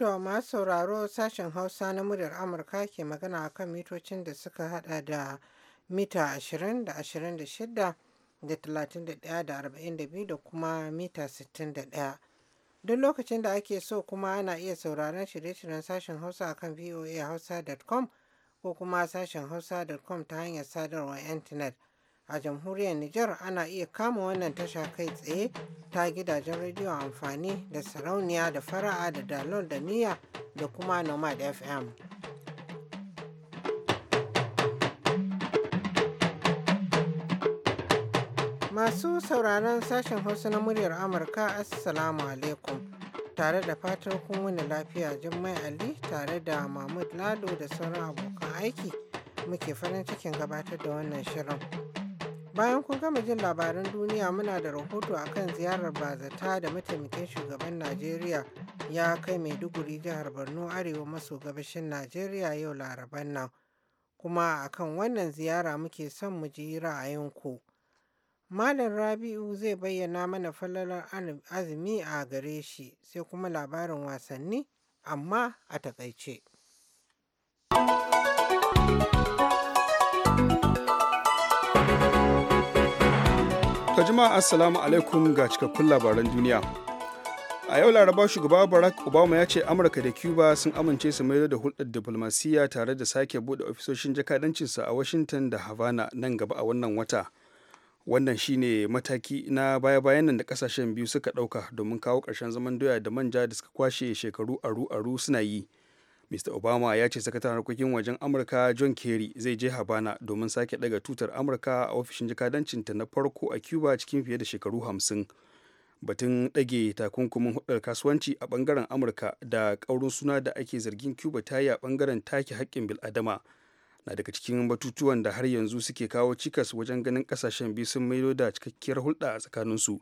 To masu sauraro sashen Hausa na muryar Amurka ke magana a kan mitocin da suka hada da mita 20 da 26 da 31 da 42 da kuma mita 61. Duk lokacin da ake so kuma ana iya sauraron shirye-shiryen sashen Hausa a akan voahausa.com ko kuma sashen Hausa.com ta hanyar sadarwar intanet. a jamhuriyar Nijar ana iya kama wannan tasha kai tsaye ta gidajen rediyo amfani da sarauniya da fara'a da dalon da niyya da kuma nomad fm masu sauraron sashen hausa na muryar amurka assalamu alaikum tare da fatar kun wani lafiya jummai ali tare da mahmud lado da sauran abokan aiki muke farin cikin gabatar da wannan shirin Bayan kun gama jin labaran duniya muna da rahoto a kan ziyarar bazata da mataimakin shugaban Najeriya ya kai Maiduguri jihar Borno arewa maso gabashin Najeriya yau laraban nan. Kuma akan wannan ziyara muke son mu ji ra'ayinku. Malam Rabi'u zai bayyana mana falalar azumi a gare shi sai kuma labarin wasanni amma a takaice. ka jama'a assalamu alaikum ga cikakkun labaran duniya. A yau laraba shugaba Barack Obama ya ce Amurka da Cuba sun amince su mayar da hulɗar diplomasiyya tare da sake buɗe ofisoshin jakadancinsu a Washington da Havana nan gaba a wannan wata. Wannan shine mataki na baya-bayan nan da kasashen biyu suka ɗauka domin kawo ƙarshen zaman doya da manja da suka kwashe shekaru aru-aru suna yi. mr obama ya ce sakataren harkokin wajen amurka john kerry zai je habana domin sake daga tutar amurka a ofishin jikadancinta na farko a cuba cikin fiye da shekaru hamsin batun ɗage takunkumin hudar kasuwanci a ɓangaren amurka da ƙaurin suna da ake zargin cuba ta yi a ɓangaren take haƙƙin bil'adama na daga cikin batutuwan da har yanzu suke kawo cikas wajen ganin ƙasashen biyu sun maido da cikakkiyar hulɗa a tsakaninsu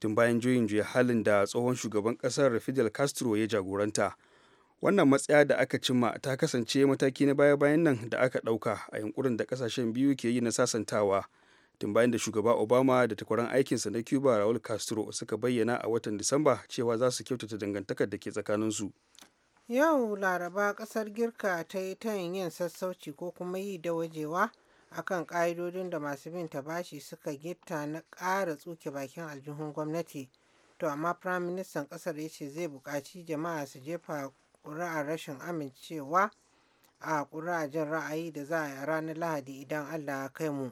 tun bayan juyin juya halin da tsohon shugaban ƙasar fidel castro ya jagoranta wannan matsaya da aka cimma ta kasance mataki na baya-bayan nan da aka ɗauka a yunkurin da ƙasashen biyu ke yi na sasantawa tun bayan da shugaba obama da takwaran aikinsa na cuba raul castro suka bayyana a watan disamba cewa za su kyautata dangantakar da ke tsakaninsu yau laraba kasar girka ta yi ta yin sassauci ko kuma yi da wajewa akan ƙa'idodin da masu bin ta bashi suka gita na ƙara tsuke bakin aljihun gwamnati to amma firaministan ƙasar ya ce zai buƙaci jama'a su jefa ƙuri'ar rashin amincewa a ƙuri'ar jin ra'ayi da za a yi a ranar Lahadi idan Allah ya kai mu.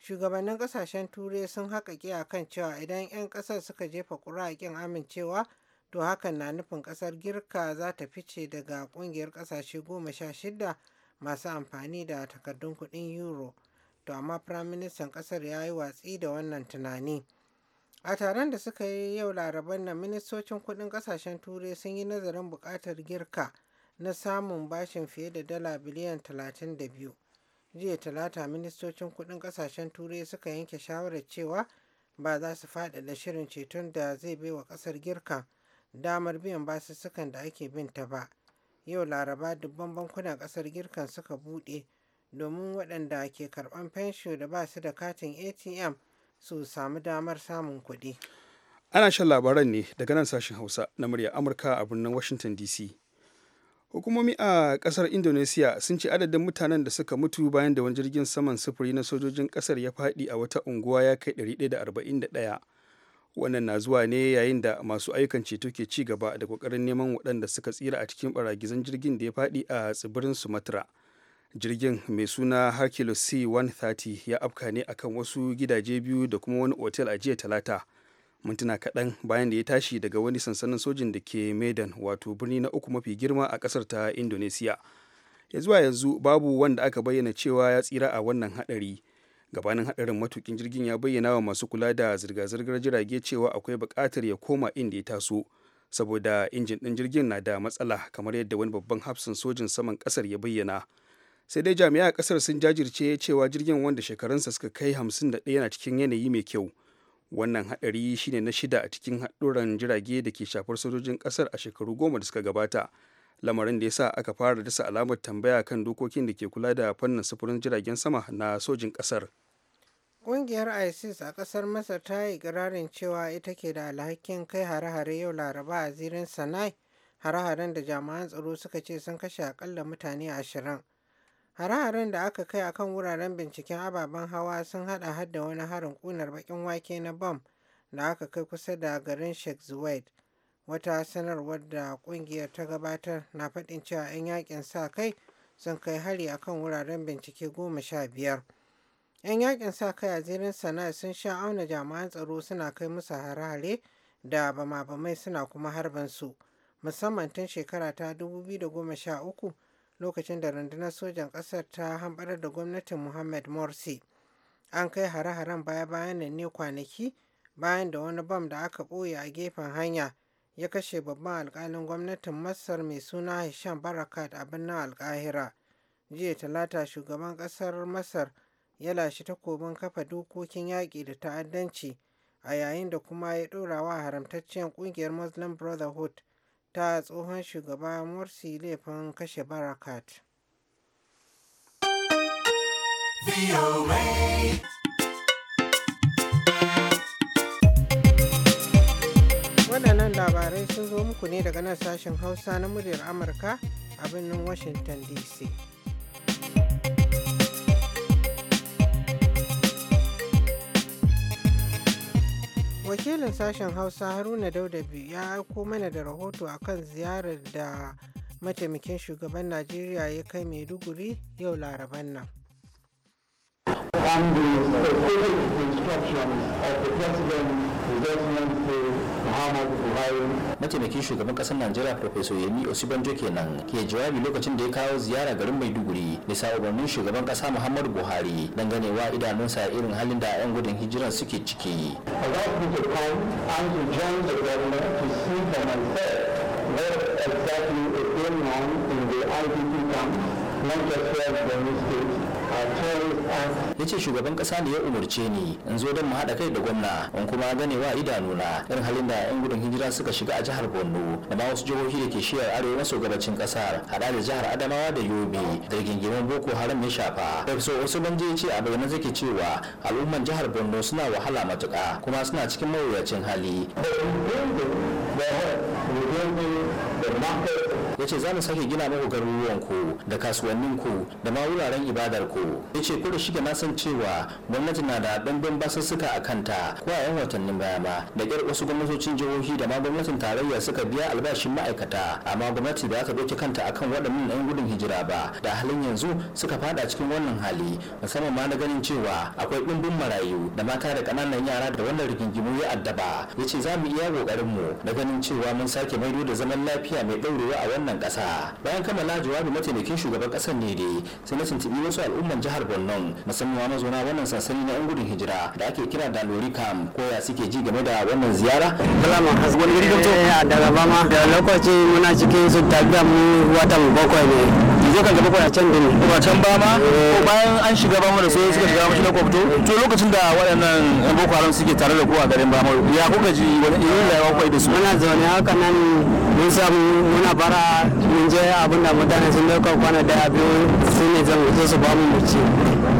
Shugabannin ƙasashen Turai sun haƙa a kan cewa idan 'yan ƙasar suka jefa ƙuri'ar kin amincewa to hakan na nufin ƙasar Girka za ta fice daga ƙungiyar ƙasashe goma sha shida masu amfani da takardun kuɗin Euro. To amma Firaministan ƙasar ya yi watsi da wannan tunani. A taron da suka yi yau laraban nan ministocin kudin kasashen turai sun yi nazarin bukatar girka na samun bashin fiye da dala biliyan 32. Jiya talata ministocin kudin kasashen turai suka yanke shawarar cewa ba za su faɗaɗa shirin ceton da zai bai wa ƙasar girka damar biyan basussukan da ake binta ba. Yau laraba dubban bankunan ƙasar girkan suka buɗe domin waɗanda ke karɓan fensho da ba su da katin ATM su sami damar samun kuɗi. Ana shan labaran ne daga nan sashen Hausa na murya Amurka a birnin Washington DC. Hukumomi a ƙasar Indonesia sun ce adadin mutanen da suka mutu bayan da wani jirgin saman sufuri na sojojin ƙasar ya faɗi a wata unguwa ya kai da da arba'in 141. Wannan na zuwa ne yayin da masu ayyukan ceto ke ci gaba da kokarin neman waɗanda suka tsira a cikin baragizan jirgin da ya faɗi a tsibirin Sumatra. jirgin mai suna hercules c-130 ya afka ne kan wasu gidaje biyu da kuma wani otel a jiya talata mintuna kaɗan bayan da ya tashi daga wani sansanin sojin da ke medan wato birni na uku mafi girma a ƙasar ta indonesiya ya zuwa yanzu babu wanda aka bayyana cewa ya tsira a wannan haɗari gabanin haɗarin matukin jirgin ya bayyana wa masu kula da zirga-zirgar jirage cewa akwai buƙatar ya koma inda ya taso saboda injin ɗin jirgin na da matsala kamar yadda wani babban hafsan sojin saman ƙasar ya bayyana sai dai jami'a kasar sun jajirce cewa jirgin wanda shekarunsa suka kai 51 yana cikin yanayi mai kyau wannan haɗari shine na shida a cikin haɗuran jirage da ke shafar sojojin kasar a shekaru goma da suka gabata lamarin da ya sa aka fara dasa alamar tambaya kan dokokin da ke kula da fannin sufurin jiragen sama na sojin ƙasar ƙungiyar isis a ƙasar masar ta yi ikirarin cewa ita ke da alhakin kai hare-hare yau laraba a zirin sanai hare-haren da jami'an tsaro suka ce sun kashe akalla mutane ashirin Hare-haren da aka kai a kan wuraren binciken ababen hawa sun haɗa har wani harin kunar baƙin wake na bom da aka kai kusa da garin Sheikh Zuwaid. Wata sanarwar da ƙungiyar ta gabatar na faɗin cewa 'yan yakin sa kai sun kai hari a kan wuraren bincike goma sha biyar. 'Yan yakin sa kai a zirin sana'a sun sha auna jami'an tsaro suna kai musu hare-hare da bama-bamai suna kuma harbin su musamman tun shekara ta 2013 lokacin da rundunar sojan ƙasar ta hambara da gwamnatin Muhammad Morsi. An kai hare-haren baya-bayan nan ne kwanaki bayan da wani bam da aka ɓoye a gefen hanya ya kashe babban alkalin gwamnatin Masar mai suna Hisham Barakat a birnin Alkahira. Jiya talata shugaban ƙasar Masar ya lashe takobin kafa dokokin yaƙi da ta'addanci a yayin da kuma ya ɗora wa haramtacciyar ƙungiyar Muslim Brotherhood ta tsohon shugaba morsi laifin kashe barakat waɗannan labarai sun zo muku ne daga nan sashen hausa na muryar amurka a birnin washington dc wakilin sashen hausa haruna daudabi ya aiko mana da rahoto akan ziyarar da mataimakin shugaban najeriya ya kai maiduguri yau laraban nan the specific instructions of the President mataimakin shugaban ƙasar najeriya profesor yemi osibanjo kenan ke jawabi lokacin da ya kawo ziyara garin maiduguri da sa'ubannin shugaban kasa muhammadu buhari danganewa idanunsa irin halin da 'yan gudun hijiran suke ciki Exactly not just the ya ce shugaban kasa ne ya umarce ni in zo don mu haɗa kai da gwamna in kuma ganewa idanuna irin halin da 'yan gudun hijira suka shiga a jihar borno da ma wasu jihohi da ke shiyar arewa maso gabacin kasar haɗa da jihar adamawa da yobe da rigingimin boko haram ya shafa wasu banje ya ce a bayyana zake cewa al'umman jihar borno suna wahala matuka. kuma suna cikin mawuyacin hali. The ya ce za mu sake gina muku garuruwan ku da kasuwannin ku da ma wuraren ibadar ku ya ce ku da shi da na san cewa gwamnati na da ɗanɗan basussuka a kanta ko a 'yan watannin baya ma da ƙyar wasu gwamnatocin jihohi da ma gwamnatin tarayya suka biya albashin ma'aikata amma gwamnati ba ta doke kanta akan waɗannan ɗan gudun hijira ba da halin yanzu suka fada cikin wannan hali musamman ma na ganin cewa akwai ɗumbin marayu da mata da ƙananan yara da wannan rigingimu ya addaba ya ce za mu iya mu na ganin cewa mun sake maido da zaman lafiya mai ɗaurewa a wannan wannan ƙasa bayan kammala jawabi mataimakin shugaban ƙasar ne dai sai na tuntubi wasu al'umman jihar borno musamman mazauna wannan sansani na 'yan gudun hijira da ake kira da koya ko ya suke ji game da wannan ziyara kalama hasbun da daga bama da lokaci muna cikin su tafiya mu watan bakwai ne ko kan gaba a can gani ko can ba ma eh. ko bayan an shiga ba da soyayya suka shiga mashi na kwabto to lokacin da waɗannan yan boko haram suke tare da kowa garin ba ya kuka ji wani irin rayuwa kai da su muna zaune haka nan mun samu muna bara mun je abin da mutane sun dauka kwana daya biyu su ne zan wuce su ba mu mace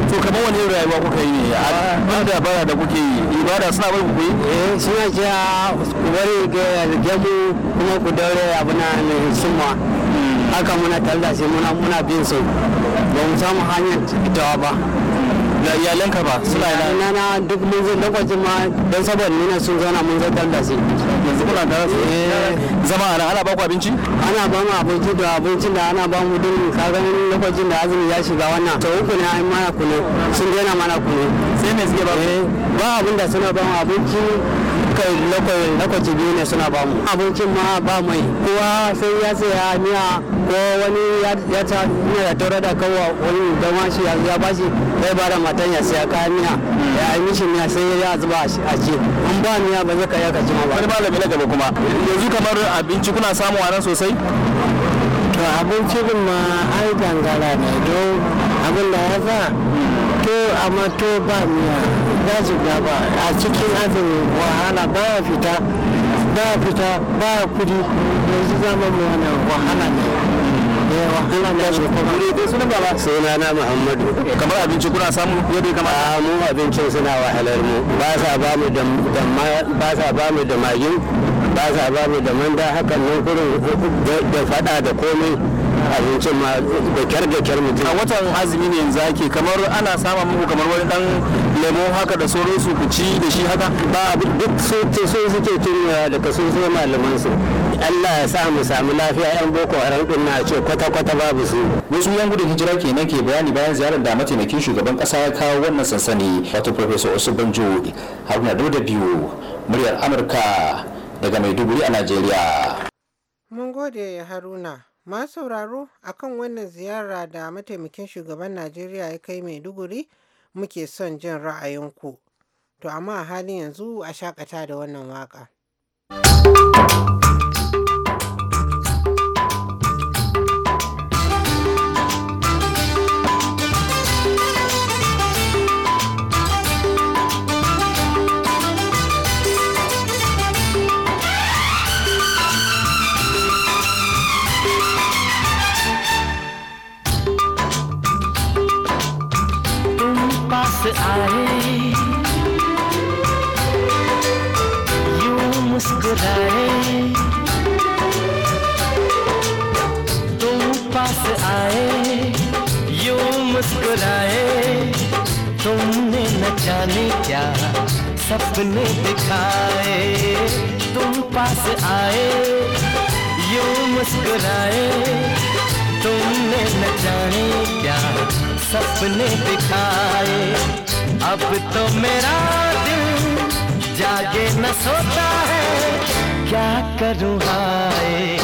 to kamar wani rayuwa kuka yi ne a da bara da kuke yi ibada suna bai ku yi eh suna jiya ku bari ga gemu kuma ku daure abin nan sun haka muna tare da shi muna muna bin su ba mu samu hanyar fitawa ba da iyalanka ba suna da na duk mun zo lokacin ma don saboda nuna sun zauna mun zartar da su yanzu kuna da su eh. zama ana ana ba ku abinci ana ba mu abinci da abincin da ana ba mu din ni lokacin da azumi ya shiga wannan to uku ne ai mana kunu sun daina mana kunu sai me suke ba eh. ba abin da suna ba mu abinci lokaci biyu ne suna bamu abincin ma ba mai kuwa sai ya saya miya ko wani ya ta miya da tore da kawo wani don shi ya bashi sai ba da matan ya saya kayan miya ya yi mishi miya sai ya zuba a ci in ba miya ba zai kai ya ma ba wani malami na gaba kuma yanzu kamar abinci kuna samu a nan sosai to abincin ma ai dangara ne don abin da ya sa to amma to ba miya ba zuga ba a cikin azumi wahala ba fita ba fita ba kudi yanzu zaman mu wani wahala ne eh, muhammadu kamar abinci kuna samu yadda kama ah, abincin suna wahalar mu da ba sa ba mu manda hakan da fada da komai abincin ma da kyar da kyar mutum a watan azumi ne yanzu ake kamar ana samun muku kamar wani dan lemo haka da sauransu ku ci da shi haka ba duk su suke tunya da kaso sai malaman su Allah ya sa mu samu lafiya yan boko haram din na ce kwata kwata babu su wasu yan gudun hijira kenan ke bayani bayan ziyarar da mataimakin shugaban kasa ya kawo wannan sansani wato professor Usman Jo Haruna Dauda biyu muryar Amurka daga Maiduguri a Najeriya mun gode Haruna Ma sauraro akan wannan ziyara da mataimakin shugaban Najeriya ya kai Maiduguri muke son jin ra'ayinku. To amma a halin yanzu a shakata da wannan waka. पास आए यूं मुस्कुराए तुम पास आए यूं मुस्कुराए तुमने न जाने क्या सपने दिखाए तुम पास आए यूं मुस्कुराए तुमने न जाने क्या सपने दिखाए अब तो मेरा दिल जागे न सोता है क्या करूँ हाय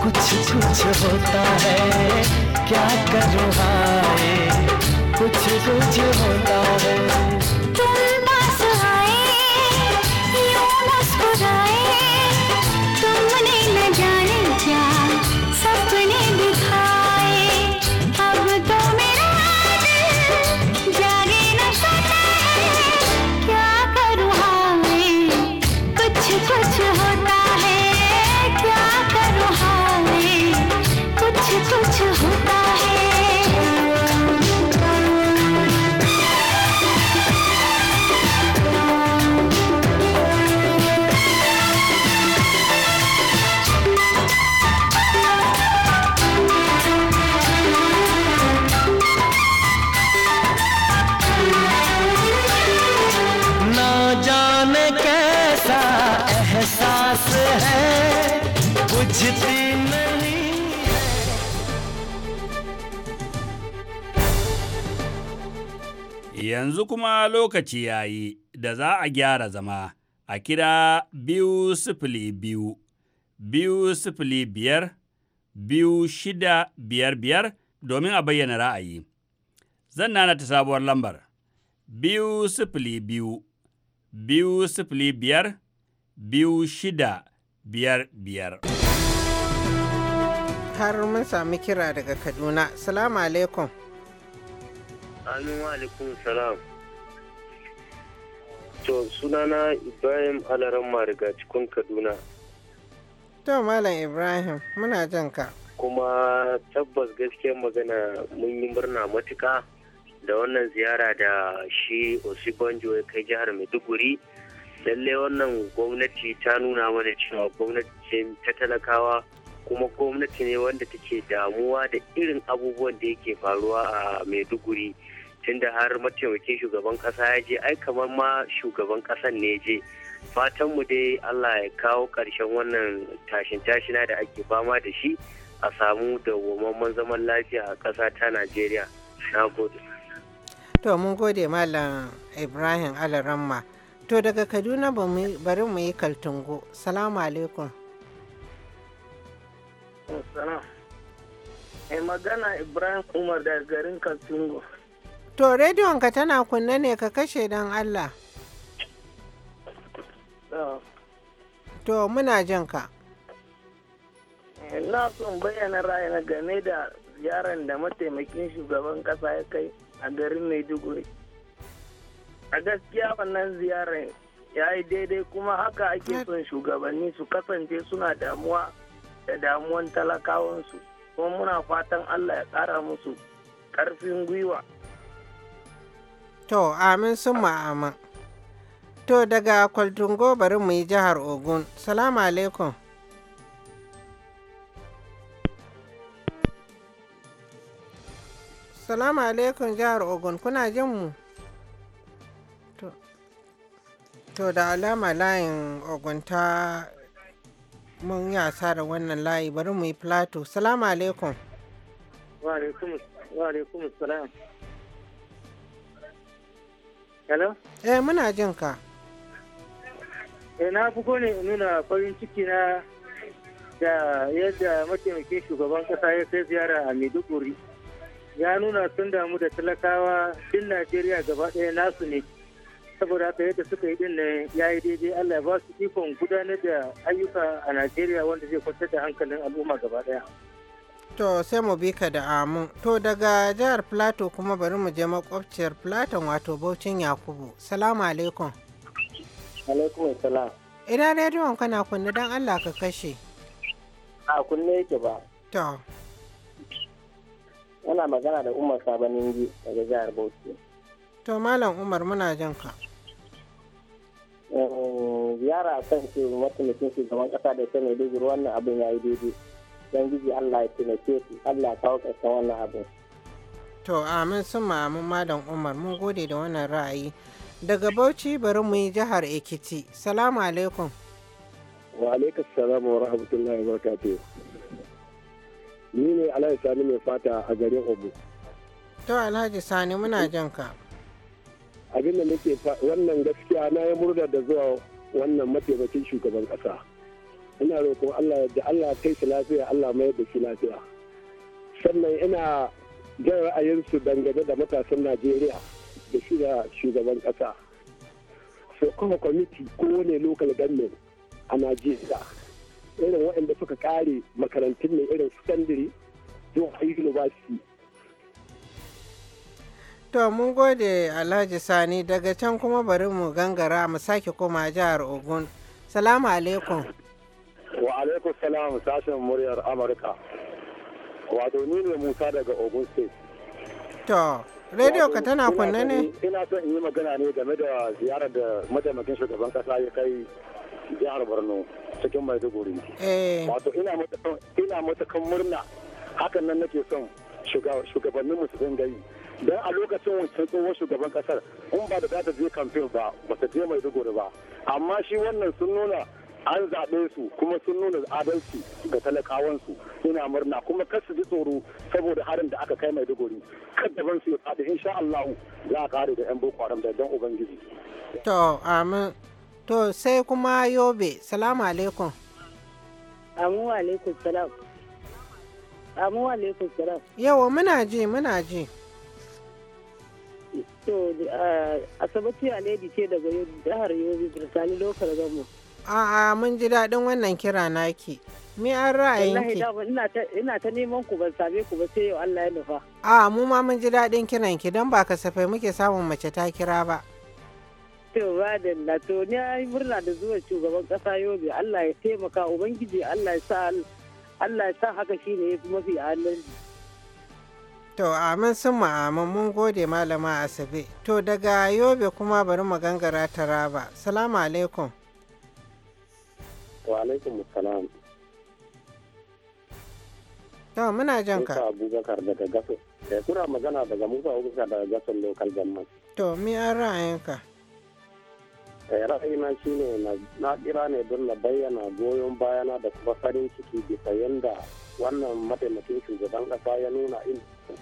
कुछ कुछ होता है क्या करूँ हाय कुछ कुछ होता है kuma lokaci ya yi da za a gyara zama a kira biyu sifili biyu, biyu sifili biyar, biyu shida biyar biyar domin a bayyana ra'ayi. Zan nana ta sabuwar lambar, biyu sifili biyu, biyu sifili biyar, biyu shida biyar biyar. har mun sami kira daga Kaduna. Salamu alaikum. Amin alaikum salam. To sunana Ibrahim Alaran Mariga cikin Kaduna. To Malam Ibrahim muna jan ka. Kuma tabbas gaskiyar magana mun yi murna matuka da wannan ziyara da shi Osibanjo ya kai jihar Maiduguri. Lallai wannan gwamnati ta nuna mana cewa gwamnati ce ta talakawa kuma gwamnati ne wanda take damuwa da irin abubuwan da yake faruwa a Maiduguri. tunda har mataimakin shugaban kasa ya je ai kamar ma shugaban kasan ne je fatan mu dai Allah ya kawo ƙarshen wannan tashin tashina da ake fama da shi a samu dawwammamen zaman lafiya a ƙasa ta Najeriya na gode to mun gode malam Ibrahim Alaramma to daga Kaduna bari mu yi kaltungo salamu alaikum Mai magana Ibrahim Umar daga garin Kaltungo. To rediyonka tana kunne ne ka kashe don Allah. To muna jin ka. Ina son bayyana ra'ayina game da ziyarar da mataimakin shugaban ƙasa ya kai a garin Maiduguri. A gaskiya wannan ziyarar ya yi daidai kuma haka ake son shugabanni su kasance suna damuwa da damuwan talakawansu kuma muna fatan Allah ya ƙara musu ƙarfin gwiwa. To, amin sun ma'ama. To, daga Kwaltungo bari mu yi jihar Ogun. Salamu alaikum. Salamu alaikum jihar Ogun, kuna jin mu? To, da alama layin Ogun ta mun yasa da wannan layi bari mu yi plato. Salamu alaikum. Wa alaikum salam. hello eh muna jin ka eh na bugo ne nuna farin ciki na da yadda mataimakin shugaban kasa ya kai ziyara a maiduguri ya nuna sun damu da talakawa din najeriya gaba ɗaya nasu ne saboda haka yadda suka yi din ne ya yi daidai allah ya ba su ikon gudanar da ayyuka a najeriya wanda zai kwantar da hankalin al'umma gaba ɗaya To sai mu bi ka da amu. To daga jihar Plateau kuma bari mu je makwabciyar Plateau wato Baucin Yakubu. Salamu alaikum. Alaikum salam. Ina rediyon kana kunne don Allah ka kashe. A kunne yake ba. To. Yana magana da Umar Sabanin ji daga jihar Bauchi. To Malam Umar muna jin ka. Ziyara kan ce mataimakin shugaban kasa da ta mai wannan abin ya yi daidai. ubangiji allah ya taimake su allah kawo ƙarshen wannan abin to amin sun ma'amin malam umar mun gode da wannan ra'ayi daga bauchi bari mu yi jihar ekiti salamu alaikum wa alaikum salam wa rahmatullahi wa barakatuh ni ne alhaji sani mai fata a garin obu to alhaji sani muna jan ka abin da nake wannan gaskiya na yi murna da zuwa wannan mataimakin shugaban kasa ina roƙon Allah da Allah kai shi lafiya Allah mai da shi lafiya sannan ina jan ra'ayinsu dangane da matasan Najeriya da shi da shugaban ƙasa so kuma kwamiti wani lokal government a Najeriya irin waɗanda suka kare makarantun ne irin secondary zuwa university To mun gode Alhaji Sani daga can kuma bari mu gangara mu sake koma jihar Ogun. Salamu alaikum. wa alaikun salam sashen muryar amurka wato ni ne musa daga ogun state to rediyo ka tana kunne ne ina son yi magana ne game da ziyarar da mataimakin shugaban kasa ya kai jihar borno cikin maiduguri eh. wato ina matakan murna hakan nan nake son shugabannin su sun don a lokacin wancan tsohon shugaban kasar in ba da za ta je kamfen ba ba ta je maiduguri ba amma shi wannan sun nuna an zaɓe su kuma sun nuna adalci ga talakawansu ina murna kuma kar su ji tsoro saboda harin da aka kai maiduguri ban su ya in insha Allah za a kare da 'yan boko haram da dan ubangiji. to amin to sai kuma yobe salamu alaikum. amu alaikum salam. amu alaikum salam. yawa muna ji muna ji. to asabati aledi ce daga jihar yobe birtani lokar gamu. A'a mun ji daɗin wannan kira naki. Me an ra'ayin ki. ina ta neman ku ban same ku ba sai yau Allah ya nufa. A mu ma mun ji daɗin kiran ki don ba kasafai muke samun mace ta kira ba. To ba da na to ni ai murna da zuwa shugaban kasa Yobe Allah ya taimaka ubangiji Allah ya sa Allah ya sa haka shine yafi mafi adalci. To amin sun ma'amin mun gode malama Asabe. To daga Yobe kuma bari mu gangara Taraba. Salamu alaikum. Wa alaikum salam. muna jan ka. Eh, magana daga Musa Abubakar daga Gasar Local Government. To, mi an ra'ayinka? Eh, ra'ayina shi ne na kira ne don na bayyana goyon bayana da kuma farin ciki bisa yanda wannan mataimakin shugaban kasa ya nuna in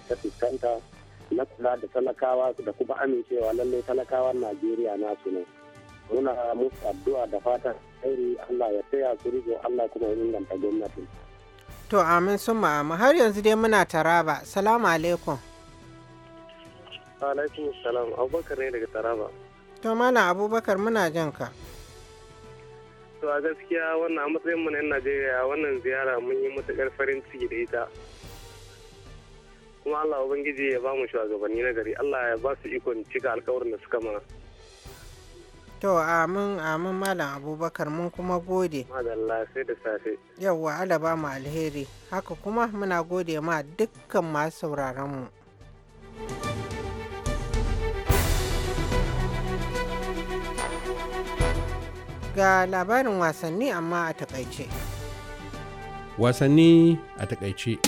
ta fuskanta na kula da talakawa da kuma amincewa lallai talakawan Najeriya nasu ne. muna musu addu'a da fatan alheri Allah ya taya su riko Allah kuma ya inganta gwamnatin. To amin sun ma'amu har yanzu dai muna taraba. Salamu alaikum. Alaikum salam Abubakar ne daga Taraba. To mana Abubakar muna jan ka. To a gaskiya wannan a matsayin mu na Najeriya wannan ziyara mun yi matuƙar farin ciki da ita. Kuma Allah Ubangiji ya ba mu shugabanni na gari Allah ya ba su ikon cika alkawarin da suka mana. To amin amin Malam Abubakar mun kuma gode. Madalla sai da safe. Yawwa alaba ba mu alheri. Haka kuma muna gode ma dukkan masu sauraron mu. Ga labarin wasanni amma a takaice. Wasanni a takaice.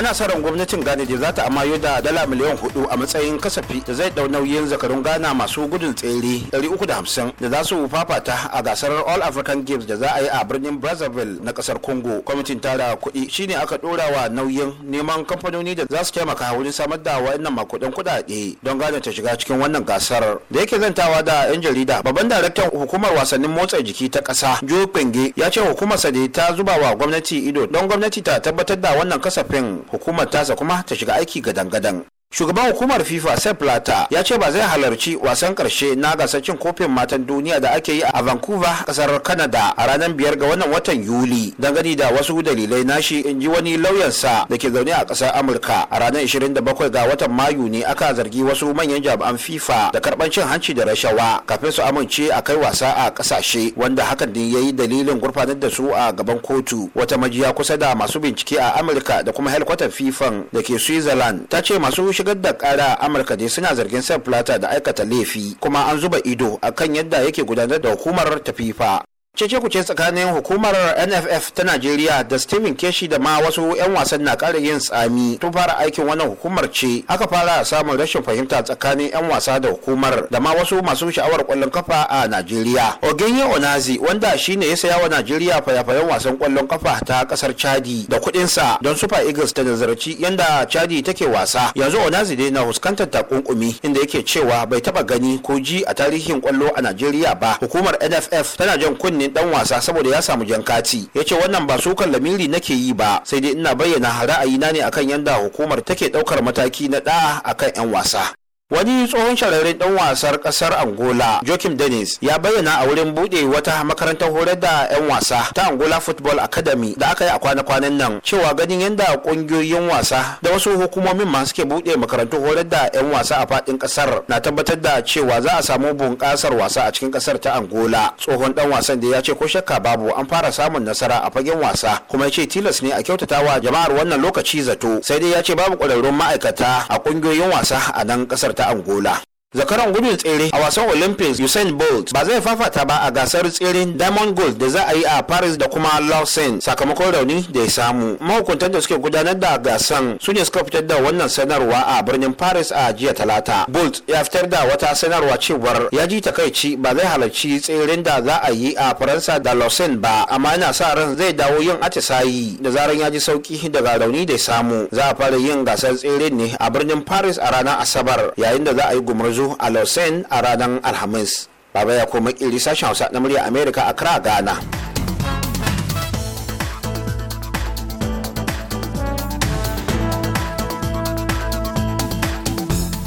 ana sa ran gwamnatin ghana da za ta amayo da dala miliyan hudu a matsayin kasafi da zai dau nauyin zakarun ghana masu gudun tsere 350 da za su fafata a gasar all african games da za a yi a birnin brazzaville na kasar congo kwamitin tara kuɗi shine aka dora wa nauyin neman kamfanoni da za su taimaka wajen samar da wa'annan makudan kuɗaɗe don ghana ta shiga cikin wannan gasar da yake zantawa da yan jarida babban daraktan hukumar wasannin motsa jiki ta ƙasa joe kwenge ya ce hukumarsa da ta zuba wa gwamnati ido don gwamnati ta tabbatar da wannan kasafin hukumar tasa kuma ta shiga aiki gadan-gadan shugaban hukumar fifa sepp Blatter ya ce ba zai halarci wasan karshe na gasar cin kofin matan duniya da ake yi a vancouver kasar canada a ranar biyar ga wannan watan yuli dangane da wasu dalilai nashi in ji wani lauyansa da ke zaune a kasar amurka a ranar 27 ga watan mayu ne aka zargi wasu manyan jami'an fifa da karban cin hanci da rashawa kafin su amince a kai wasa a kasashe wanda hakan ne ya yi dalilin gurfanar da su a gaban kotu wata majiya kusa da masu bincike a amurka da kuma helkwatar fifan da ke switzerland ta ce masu shigar da kara a amurka dai suna zargin sef plata da aikata laifi kuma an zuba ido akan yadda yake gudanar da hukumar tafifa. cece ce tsakanin hukumar nff ta najeriya da steven keshi da ma wasu 'yan wasan na ƙara yin tsami tun fara aikin wannan hukumar ce aka fara samun rashin fahimta tsakanin 'yan wasa da hukumar da ma wasu masu sha'awar kwallon kafa a najeriya ogenye onazi wanda shine ya saya wa najeriya fayafayen wasan ƙwallon kafa ta ƙasar chadi da kuɗinsa don super eagles ta nazarci yadda chadi take wasa yanzu onazi dai na fuskantar takunkumi inda yake cewa bai taɓa gani ko ji a tarihin ƙwallo a najeriya ba hukumar nff tana jan kunni ne dan wasa saboda ya samu jankaci yace ya ce wannan ba sukan lamiri nake yi ba sai dai ina bayyana ra'ayina ne akan yanda hukumar take daukar mataki na da'a akan 'yan wasa Wani tsohon shararren ɗan wasar ƙasar Angola, Joachim Dennis, ya bayyana a wurin buɗe wata makarantar horar da 'yan wasa ta Angola Football Academy da aka yi a kwana-kwanan nan, cewa ganin yadda ƙungiyoyin wasa da wasu hukumomin ma suke buɗe makarantun horar da 'yan wasa a faɗin ƙasar na tabbatar da cewa za a samu bunƙasar wasa a cikin ƙasar ta Angola. Tsohon ɗan wasan da ya ce ko shakka babu an fara samun nasara a fagen wasa, kuma ya ce tilas ne a kyautatawa jama'ar wannan lokaci zato, sai dai ya ce babu ƙwararrun ma'aikata a ƙungiyoyin wasa a nan kasar ta Angola. zakaran gudun tsere a wasan olympics usain bolt ba zai fafata ba a gasar tseren diamond gold da za a yi a paris da kuma lausanne sakamakon rauni da ya samu mahukuntan da suke gudanar da gasan su ne suka fitar da wannan sanarwa a birnin paris a jiya talata bolt ya fitar da wata sanarwa cewar ya ji takaici ba zai halarci tseren da za a yi a faransa da lausanne ba amma yana sa ran zai dawo yin atisayi da zaran ya ji sauki daga rauni da ya samu za a fara yin gasar tseren ne a birnin paris a ranar asabar yayin da za a yi gumurzu yanzu a lausanne a ranar alhamis baba ya koma kiri sashen hausa na murya america a kira ghana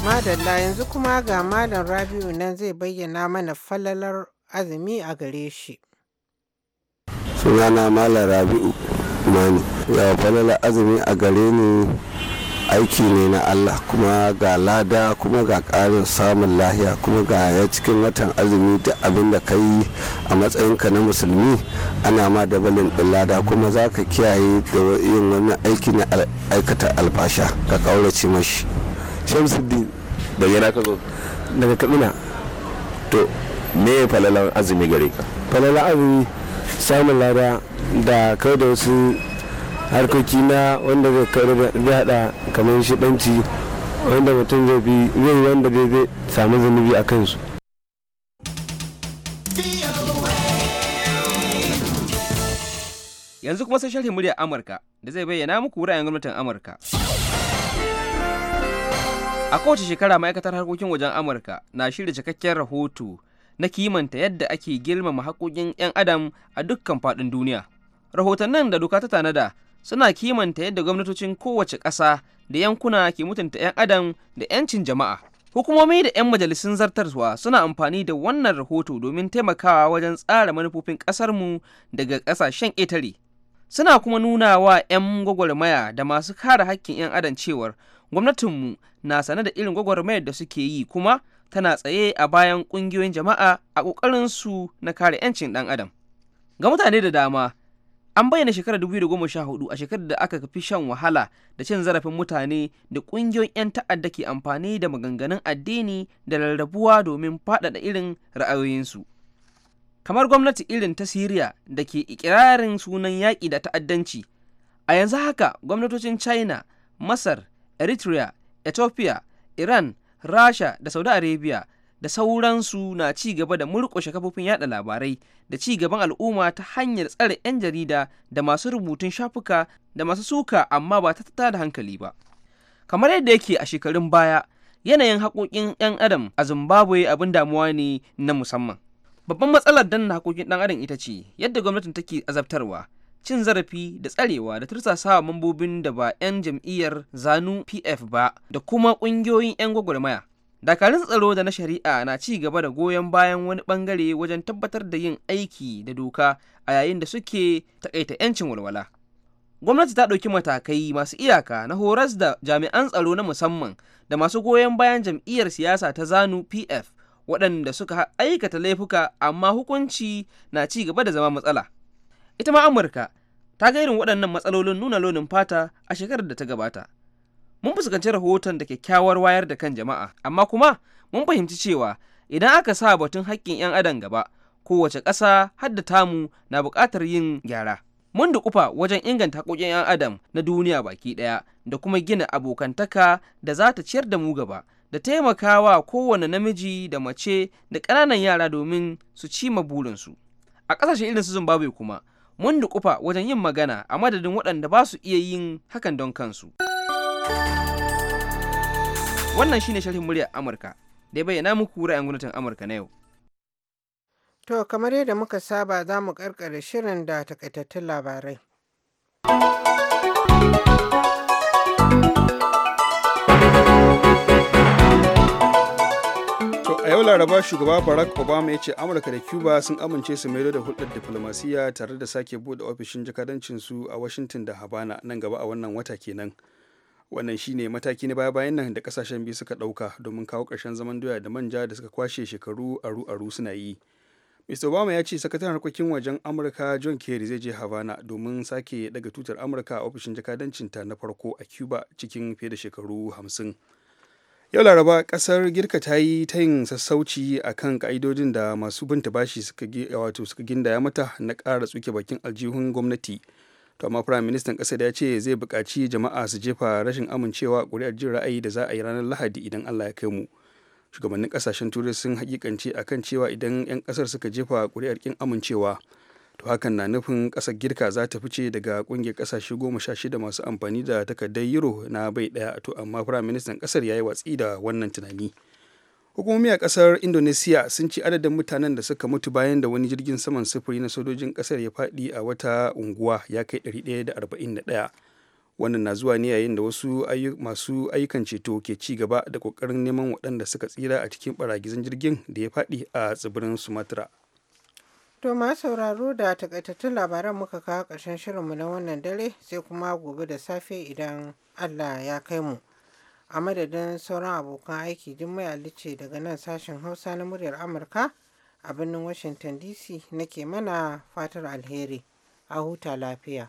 madalla yanzu kuma ga malam rabiu nan zai bayyana mana falalar azumi a gare shi sunana malam rabiu mani ya falalar azumi a gare ni aiki ne na allah kuma ga lada kuma ga ƙarin samun lahiya kuma ga ya cikin watan azumi da abin da ka yi a matsayinka na musulmi ana ma da balin lada kuma za ka kiyaye da yin wannan aiki na aikata albasha ka ƙaurace mashi shamsuddin da yana ka zo daga kaduna to me falalan azumi gare ka falalan azumi samun lada da kai da wasu harkoki na wanda zai karbi hada kamar shidanci wanda mutum zai bi zai wanda zai samu zunubi a kansu yanzu kuma sai sharhi murya amurka da zai bayyana muku wuraren gwamnatin amurka a kowace shekara ma'aikatar harkokin wajen amurka na shirya cikakken rahoto na kimanta yadda ake girmama haƙoƙin 'yan adam a dukkan faɗin duniya Rahoton nan da doka ta tanada suna kimanta yadda gwamnatocin kowace ƙasa da yankuna ke mutunta 'yan adam da 'yancin jama'a hukumomi da 'yan majalisun zartarwa suna amfani da wannan rahoto domin taimakawa wajen tsara manufofin ƙasarmu daga ƙasashen ƙetare suna kuma nuna wa 'yan gwagwarmaya da masu kare hakkin 'yan adam cewar gwamnatinmu na sane da irin gwagwarmayar da suke yi kuma tana tsaye a bayan ƙungiyoyin jama'a a ƙoƙarin su na kare 'yancin ɗan adam ga mutane da dama an bayyana shekarar 2014 a shekarar da aka fi shan wahala da cin zarafin mutane da ƙungiyoyin 'yan ta'adda ke amfani da maganganun addini da rarrabuwa domin faɗaɗa irin ra'ayoyinsu kamar gwamnati irin ta siriya da ke ikirarin sunan yaƙi da ta'addanci a yanzu haka gwamnatocin china masar eritrea ethiopia iran rasha da saudi arabia da sauransu na ci gaba da murƙushe kafofin yada labarai da ci gaban al'umma ta hanyar tsare 'yan jarida da masu rubutun shafuka da masu suka amma ba ta da hankali ba kamar yadda yake a shekarun baya yanayin haƙoƙin 'yan adam a zimbabwe abin damuwa ne na musamman babban matsalar danna haƙoƙin ɗan adam ita ce yadda gwamnatin take azabtarwa cin zarafi da tsarewa da tursasawa mambobin da ba 'yan jam'iyyar zanu pf ba da kuma ƙungiyoyin 'yan gwagwarmaya dakarun tsaro da na shari'a na ci gaba da goyon bayan wani bangare wajen tabbatar da yin aiki da doka a yayin da suke takaita 'yancin walwala gwamnati ta ɗauki matakai masu iyaka na horas da jami'an tsaro na musamman da masu goyon bayan jam'iyyar siyasa ta zanu pf waɗanda suka aikata laifuka amma hukunci na ci gaba da zama matsala ita ma amurka ta ga irin waɗannan matsalolin nuna launin fata a shekarar da ta gabata mun fuskanci rahoton da kyakkyawar wayar da kan jama'a amma kuma mun fahimci cewa idan aka sa batun haƙƙin 'yan adam gaba kowace ƙasa hadda tamu na buƙatar yin gyara mun kufa wajen inganta haƙoƙin 'yan adam na duniya baki ɗaya da kuma gina abokantaka da za ta ciyar da mu gaba da taimakawa kowane namiji da mace da ƙananan yara domin su ci burinsu a ƙasashen irin su zimbabwe kuma mun kufa wajen yin magana a madadin waɗanda ba su iya yin hakan don kansu. Wannan shine sharhin muryar Amurka da ya bayyana muku ra'ayin gwamnatin Amurka na yau. To kamar yadda muka saba za mu karkare shirin da takaitattun labarai. a yau laraba shugaba barack obama ya ce amurka da cuba sun amince su maido da hulɗar diflomasiyya tare da sake buɗe ofishin jakadancin a washington da habana nan gaba a wannan wata kenan wannan shine mataki na baya-bayan nan da kasashen biyu suka ɗauka domin kawo ƙarshen zaman doya da manja da suka kwashe shekaru aru-aru suna yi mr obama ya ce sakataren harkokin wajen amurka john kerry zai je havana domin sake daga tutar amurka a ofishin jakadancinta na farko a cuba cikin fiye da shekaru hamsin yau laraba kasar girka ta yi ta yin sassauci a kan ka'idodin da masu binta bashi suka gindaya mata na ƙara tsuke bakin aljihun gwamnati to amma firayim ministan ƙasar ya ce zai buƙaci jama'a su jefa rashin amincewa a ƙuri'ar jin ra'ayi da za a yi ranar lahadi idan allah ya kai mu shugabannin kasashen turai sun hakikance kan cewa idan 'yan ƙasar suka jefa ƙuri'ar kin amincewa to hakan na nufin ƙasar girka za ta fice daga ƙungiyar ƙasashe goma sha shida masu amfani da takardar euro na bai ɗaya to amma firayim ministan ƙasar ya yi watsi da wannan tunani. hukumomi a kasar indonesiya sun ci adadin mutanen da suka mutu bayan da wani jirgin saman sufuri na sojojin kasar ya fadi a wata unguwa ya kai 141 wannan na zuwa ne yayin da wasu masu ayyukan ceto ke ci gaba da kokarin neman waɗanda suka tsira a cikin baragizan jirgin da ya fadi a tsibirin sumatra to ma sauraro da takaitattun labaran muka kawo ƙarshen shirinmu na wannan dare sai kuma gobe da safe idan allah ya kai mu a madadin sauran abokan aiki Jummai Ali ce daga nan sashen Hausa na muryar Amurka a birnin Washington DC nake mana fatar alheri a huta lafiya.